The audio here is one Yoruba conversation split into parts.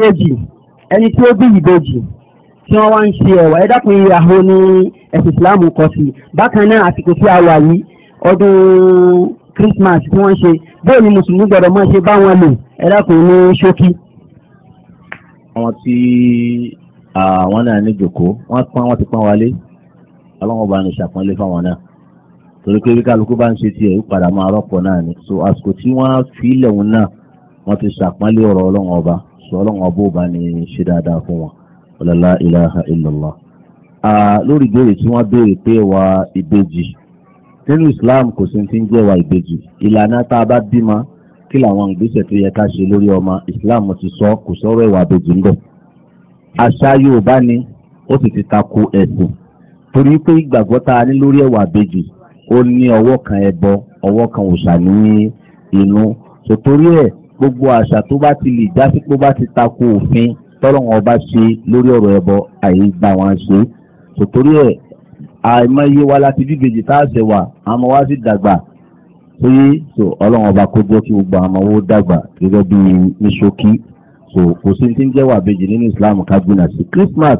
ìbejì ẹni tí ó bí ìbejì tí wọ́n wá ń ṣe ẹ̀wà ẹ dákun iye àhó ní ẹ̀sìn ìsìláàmù kọ sí bákan náà àsìkò tí a wà yìí ọdún Christmas tí wọ́n ṣe bẹ́ẹ̀ ni mùsùlùmí gbọ́dọ̀ máa ṣe bá wọn lò ẹ dákun ní ṣókí. àwọn tí àwọn náà ní jòkó wọ́n pọ́n wọ́n ti pọ́n wálé ọlọ́wọ́n bá ní ṣàpọ́nlé fáwọn náà torí pé bí kálukú bá ń ṣe tiẹ̀ ó padà máa rọ́pọ̀ náà ni so àsìkò tí wọ́n fi ilẹ̀ wọn náà wọ́n ti ṣàpọ́nlé ọ̀rọ̀ ọlọ́wọ́n ọba sọlọ́n ọbọ̀ọ̀bá ni ṣe dáadáa fún wọn ọlọ́lá ilaha illallah. lórí ìbéèrè tí wọ́n béèrè pé wa ìbejì nínú Islam kò sí ti ń jẹ́ wa ìbejì ìlànà tá a bá bímọ kí làwọn ìgbésẹ̀ tó yẹ ká ṣe lórí ọmọ Islam ti sọ kò sọ̀rọ̀ ìwà ìbejì ń bẹ̀. àṣà Yorùbá ni ó sì ti tako ẹ̀sìn torí pé ìgbàgbọ́ tá a ní lórí ẹ̀wà ìbejì ó ní ọwọ́ kan ẹbọ ọwọ́ kan òṣà ní inú sòtórí ẹ̀ gbogbo àṣà tó bá ti lè jásí pé ó bá ti tako òfin tọ́lọ́wọ́n ọba ṣe lórí ọ̀rọ̀ ẹbọ àyè gbà wọ́n ṣe sòtórí ẹ̀ àìmọye wa láti bíbèjì tá a ṣẹ̀ wà àmọ́ wá sí dàgbà tó yé ọlọ́wọ́n ọba kó jẹ́ kí gbogbo àmọ́ owó dàgbà gẹ́gẹ́ bí ní ṣókí so kò sí ti ń jẹ́ wà bèjì nínú Islam ká gbìnà sí Christmas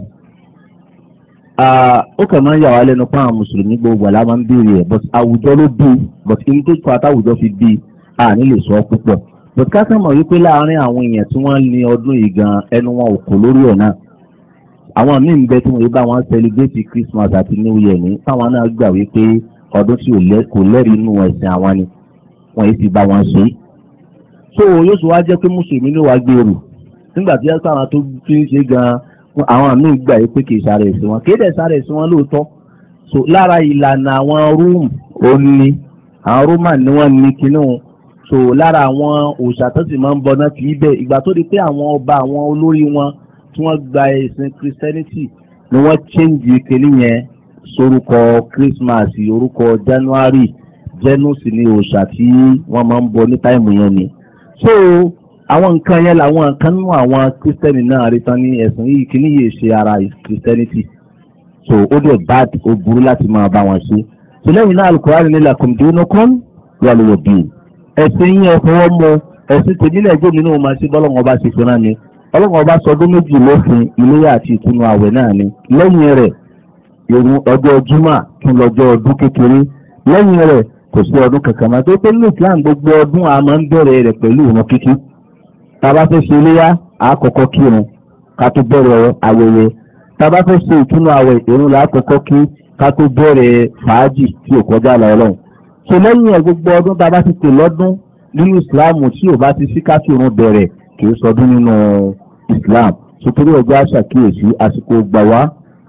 ó kàn máa ń yà wá lẹ́nu pa àwọn mùsùlùmí gbogbo àlá máa ń béèrè ẹ̀ but àwùjọ ló bí but ibi tó kọ àtàwùjọ fi bí a nílè sọ púpọ̀ but ká sàmọ̀ wípé láàárín àwọn èèyàn tí wọ́n ní ọdún yìí gan ẹnu wọn ò kò lórí ẹ̀ náà àwọn míì ń bẹ tí wọ́n yìí bá wọn celebrate Christmas àti New Year ní náà gbà wípé ọdún tí kò lẹ́rìí inú ẹ̀sìn àwọn ni wọ́n yìí ti bá wọn ṣe so yóò sọ wá jẹ́ pé mùsùlùmí ló wá gbèrú nígbà tí gan àwọn míì gbà kì í sáré ẹ̀sìn wọn so lára àwọn òòṣà tó sì máa ń bọná kì í bẹ ìgbà tó di pé àwọn ọba àwọn olórí wọn tí wọ́n gba ẹ̀sìn christianity ni wọ́n change kínní yẹn sórúkọ christmas orúkọ january janus ni òòṣà tí wọ́n máa ń bọ ní táìmù yẹn ni so àwọn nǹkan yẹn làwọn nǹkan nínú àwọn kristẹni náà rí tán ní ẹ̀sìn yìí kínní yìí ṣe ara christianity so ó dẹ̀ bad ó burú láti máa bá wọn ṣe so lẹ́yìn náà alukóra nílẹ̀ kùndínlọ́kọ́ wà lóyún bíi. ẹ̀sìn yín ẹ fọwọ́ mú ẹ̀sìn tèmi náà jẹ́ mi náà máa ṣe ọba ti fúnra ni ọba sọ ọdún méjì lófin iléyà àti ìtúnu àwẹ̀ náà ni lẹ́yìn rẹ̀ irun ọjọ́ lọ́jọ́ ọdún kékeré lẹ́yìn rẹ̀ ọdún kankan a máa ń bẹ̀rẹ̀ rẹ̀ pẹ̀lú kíkí fẹ́ ṣe iléyà kọ́kọ́ kírun ká tó bẹ̀rẹ̀ ayẹyẹ fẹ́ ṣe àwẹ̀ so lẹ́yìn ẹ̀ gbogbo ọdún tá a bá ti pè lọ́dún nínú islam tí ò bá ti sí káfíìrún bẹ̀rẹ̀ kì í sọdún nínú islam sotori ọjọ́ àṣàkíyèsí àsìkò gbà wá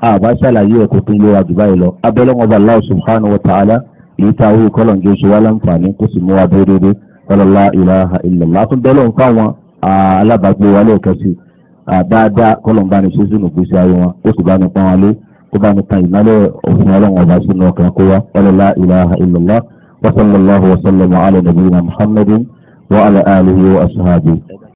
àbá ṣàlàyé ẹ̀kọ́ tó ń lé wa jù báyìí lọ abẹ́lẹ́wọ̀n bá Allah subhanahu wa ta'ala èyí tá a wúwo kọ́ lọ́njọ́ ṣe wá láǹfààní kó sì mú wa dúró déédéé wàlọ́lá ilaha illallah tún bẹ́ẹ̀ lọ́n fáwọn alábàágbé wa lẹ́ẹ̀kan sí dáadáa kọ́ lọ́n bá ní ṣe sínú gbèsè ayé wọn ó sì bá ní pọ́n wọn lé ó bá ní tan ìmọ́lẹ̀ òfin ọlọ́run ọba sínú ọkàn kó wa wàlọ́lá ilaha illallah وصلى الله وسلم على نبينا محمد وعلى آله وأصحابه